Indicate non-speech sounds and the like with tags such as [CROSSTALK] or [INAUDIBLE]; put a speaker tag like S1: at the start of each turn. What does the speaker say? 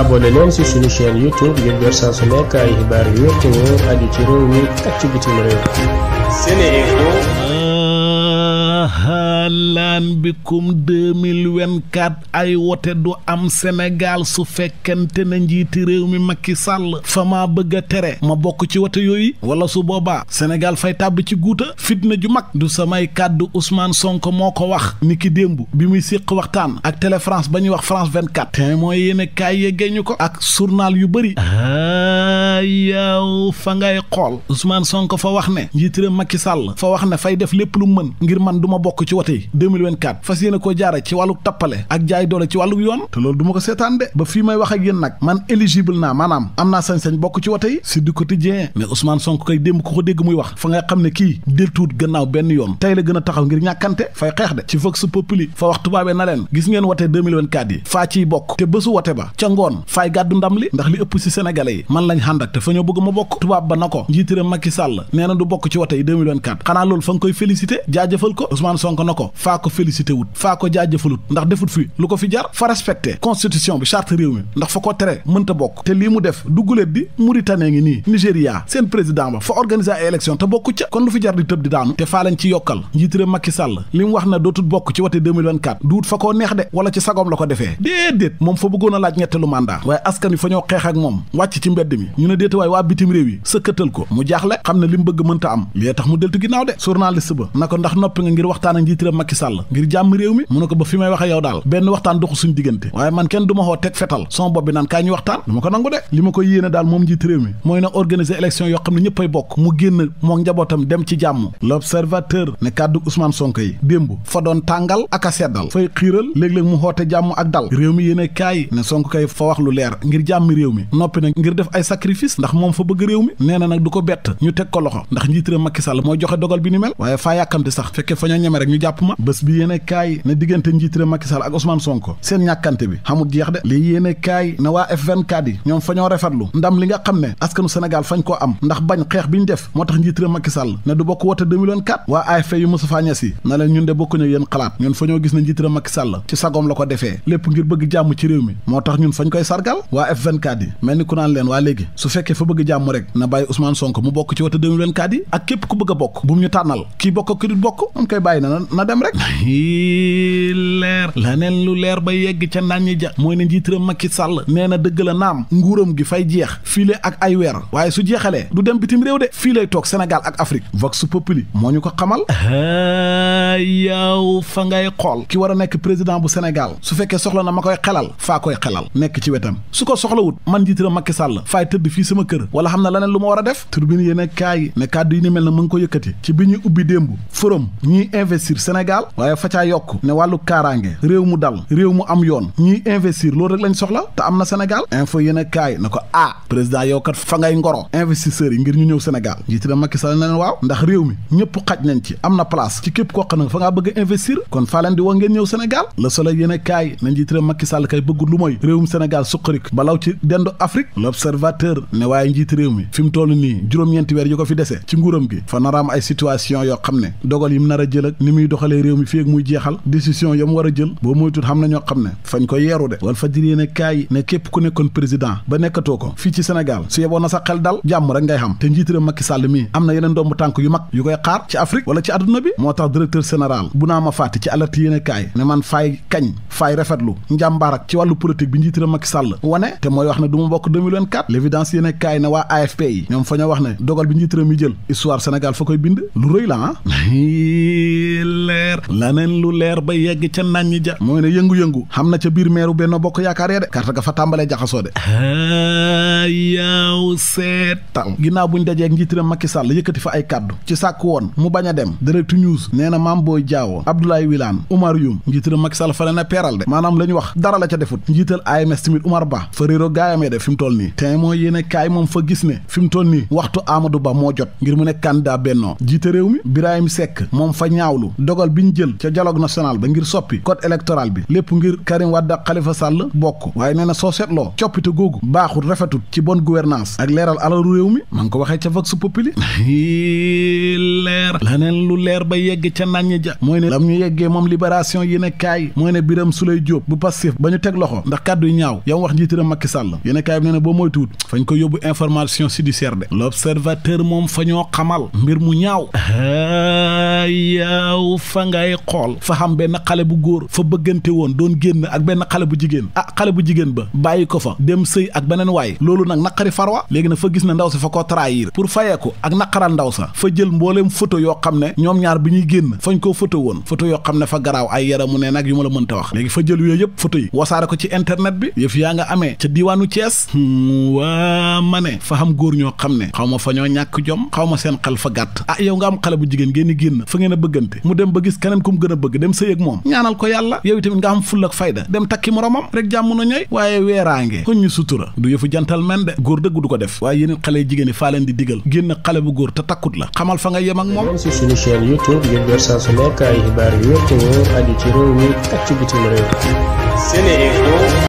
S1: abonné leen ci suñu chaîne YouTube ngir jot saa su nekk ay xibaar mi ak ci ahlan bikum 2024 ay wote du am senegaal su fekkente na njiiti réew mi Macky Sall fa ma bëgg a tere ma bokk ci wote yooyu wala su boobaa Sénégal fay tàbb ci guuta fitna ju mag du samay kàddu Ousmane Sonko moo ko wax ni ki démb bi muy séq waxtaan ak Télé ba ñuy wax France 24 te mooy yéen kaay yeggee ñu ko ak journal yu bëri yow fa ngay xool Ousmane Sonko fa wax ne njiiti réew Macky Sall fa wax ne fay def lépp lu mën ngir man duma bokk ci wote yi février 2024 fas yéene koo jaare ci wàllu tappale ak jaay doole ci wàllu yoon te loolu du ko seetaan de ba fii may wax ak yéen nag man éligible naa maanaam am naa sañ bokk ci wote yi si du quotidien mais Ousmane Sonko koy démb ko ko dégg muy wax fa nga xam ne kii deltuwut gannaaw benn yoon tey la gën a taxaw ngir ñàkkante fay xeex de ci vox populi fa wax tubaabee na leen gis ngeen wote 2024 yi faa ciy bokk te bésu wote ba ma bokk tubaab ba na ko ko faa ko félicité wut faa ko jaajëfalut ndax defut fi lu ko fi jar fa respecté constitution bi charte réew mi ndax fa ko tere mënta bokk te lii mu def dugguleet di Mauritanie ngi nii Nigéria seen président ba fa organiser ay te bokku ca kon lu fi jar di tëb di daanu te faa ci yokkal njiit réew Macky Sall wax na dootul bokk ci wate 2024 duut fa koo neex de wala ci sagom la ko defee déedéet moom fa bëggoon laaj ñetteelu mandat waaye askan président Macky Sall ngir jàmm réew mi mu ne ko ba fi may wax ak yow daal benn waxtaan doxu suñ diggante waaye man kenn du ma xoo teg fetal son bopp bi naan kaay ñu waxtaan du ma ko nangu de li ma ko yéene daal moom njiit mi mooy na organiser élection yoo xam ne ñëppay bokk mu génn mook njabootam dem ci jàmm l'observateur ne kàddu Ousmane Sonko yi démb fa doon tàngal ak a seddal fay xiiral léeg-léeg mu xoote jàmm ak dal réew mi yéene kaay ne Sonko kay fa wax jàpp ma bés bi yéen e kaay ne diggante njiit réew Macky Sall ak Ousmane Sonko seen ñàkkante bi xamul jeex de lii yéen e kaay ne waa F24 yi ñoom fa ñoo refetlu ndam li nga xam ne askanu Sénégal fañ koo am ndax bañ xeex bi ñu def moo tax njiit réew Macky Sall ne du bokk wote 2024 waa AFP yu Moustapha Niasse yi na leen ñun de bokkuñu yéen xalaat ñun fa ñoo gis ne njiit réew Macky ci sagoom la ko defee lépp ngir bëgg jàmm ci réew mi moo tax ñun fañ koy sargal waa F24 yi ku naan leen waa léegi su fekkee fa jàmm rek na bàyyi Ousmane Sonko mu bokk ci wote 2024 yi ak képp ku bëgg a bokk bu mu ñu tànnal kii bokk dem rek leer laneen lu leer ba yegg ca naññi ja mooy ne njiitëram makki sàll nee na dëgg la naam nguuram gi fay jeex fii fiile ak ay weer waaye su jeexalee du dem bitim réew de fii lay toog Sénégal ak Afrique Vox Populi moo ñu ko xamal yaw fa ngay xool ki war a nekk président bu Sénégal su fekkee soxla na ma koy xelal faa koy xelal nekk ci wetam su ko soxlawut man njiitëram Macky Sall faay tëdd fii sama kër wala xam na laneen lu ma war a def turbine yéen a yi ni mel na mu ngi ko yëkkati ci bi ñuy ubbi démb Sénégal waaye fa caa yokk ne wàllu kaaraange réew mu dal réew mu am yoon ñuy investir loolu rek lañ soxla te am na Sénégal info yéen a kaay na ko ah président yow kat fa ngay ngoro investisseurs yi ngir ñu ñëw Sénégal njiit na Macky Sall na leen waaw ndax réew mi ñëpp xaj nañ ci am na place ci képp koo xam ne fa ngaa bëgg a investir kon faa leen di wax ngeen ñëw Sénégal Le Soleil yéen a kaay na njiit na Macky Sall kay bëgg lu mooy réewum Sénégal suqarik balaw ci dendu Afrique L'Observateur ne waaye njiit réew mi fi mu toll nii juróom weer yu ko fi dese ci nguuram gi fa naraam ay yoo xam ne doxalee réew mi fii ak muy jeexal décision yam war a jël boo moytul xam na ñoo xam ne fañ ko yeeru de wal fajir yéen kaay ne képp ku nekkoon président ba nekkatoo ko fii ci Sénégal su yeboon na sa xel dal jàmm rek ngay xam te njiit réew Macky Sall mii am na yeneen dombu tànk yu mag yu koy xaar ci Afrique wala ci àdduna bi moo tax directeur général bu naa ma fàtte ci alerte yéen kaay ne man faay kañ faay rafetlu njàmbaar ak ci wàllu politique bi njiit réew Macky Sall wane te mooy wax ne du ma bokk 2024 l'évidence yéen kaay [LAUGHS] leer laneen lu leer ba yegg ca naan ñi ja mooy ne yëngu-yëngu xam na ca biir meeru benn bokk yaakaar ya de karta ga fa tàmbalee jaxasoo de ah, yaaw seetal ginnaaw buñ dajeeg njiitiram Macky Sall yëkkati fa ay kàddu ci sàkk woon mu bañ a dem direct news nee na Mame Boye Diao Abdoulaye Wilane Oumar Youm njiitiram Macky Sall fa leen a peeral de maanaam la ñu wax dara la ca defut njiital AMS tamit Oumar Ba fa réero gaayamee de fi mu toll nii te mooy yéene kaay moom fa gis ne fi mu toll nii waxtu Amadou Ba moo jot ngir mu nekk candidat bennoo jiite réew mi Birahim Seck moom fa ñaawlu dogal bi ñu jël ca dialogue national ba ngir soppi code électoral bi lépp ngir Karim Wade ak Khalifa Sall bokk waaye nee soo seetloo coppite googu baaxul rafetul ci bonne gouvernance ak leeral alalu réew mi ma ngi ko waxee ca vox populi [LAUGHS] leer laneen lu leer ba yegg ca nañ ñi ja mooy ne lam ñu yeggee moom libération yi ne kaay mooy ne Biram Souleye Diop bu Pastef ba ñu teg loxo ndax kàddu ñaaw yam wax njiitiram Macky Sall yi ne kaay bi nee na boo moytuwut fañ ko yóbbu information judiciaire de l'observateur fa ñoo [LAUGHS] fa ngay xool fa xam benn xale bu góor fa bëggante woon doon génn ak benn xale bu jigéen a ah, xale bu jigéen ba bàyyi ko fa dem sëy ak beneen waay loolu nag naqari wa léegi nag fa gis na ndaw sa fa ko trahir pour fayeeku ak naqaral ndaw sa fa jël mbooleem photo yoo xam ne ñoom ñaar bi ñuy génn fañ koo photo woon photo yoo xam ne fa garaaw ay yaramu ne nag yu ma la mënta wax léegi fa jël yooyu yëpp photo yi wasaare ko ci internet bi yëf yaa nga amee ca diiwaanu Thiès hmm, ma ne fa xam góor ñoo xam ne xaw ma fa ñoo ñàkk jom xaw ma seen xel fa gàtt ah yow nga am xale bu jigéen ngeen génn fa ngeen a ba gis keneen ku mu gën bëgg dem sëy ak moom ñaanal ko yàlla yow tamit nga am fulla ak fayda dem takki moromam rek jàmm na ñooy waaye weeraange kon ñu sutura du yëfu jantal men de góor dëgg du ko def waaye yeneen xale jigéen yi faa leen di digal génn xale bu góor te takkut la xamal fa nga yem ak moom si suñu chaîne youtube ngir jot saa su nekk ay xibaar yu wér te ci réew mi ak ci bitim réew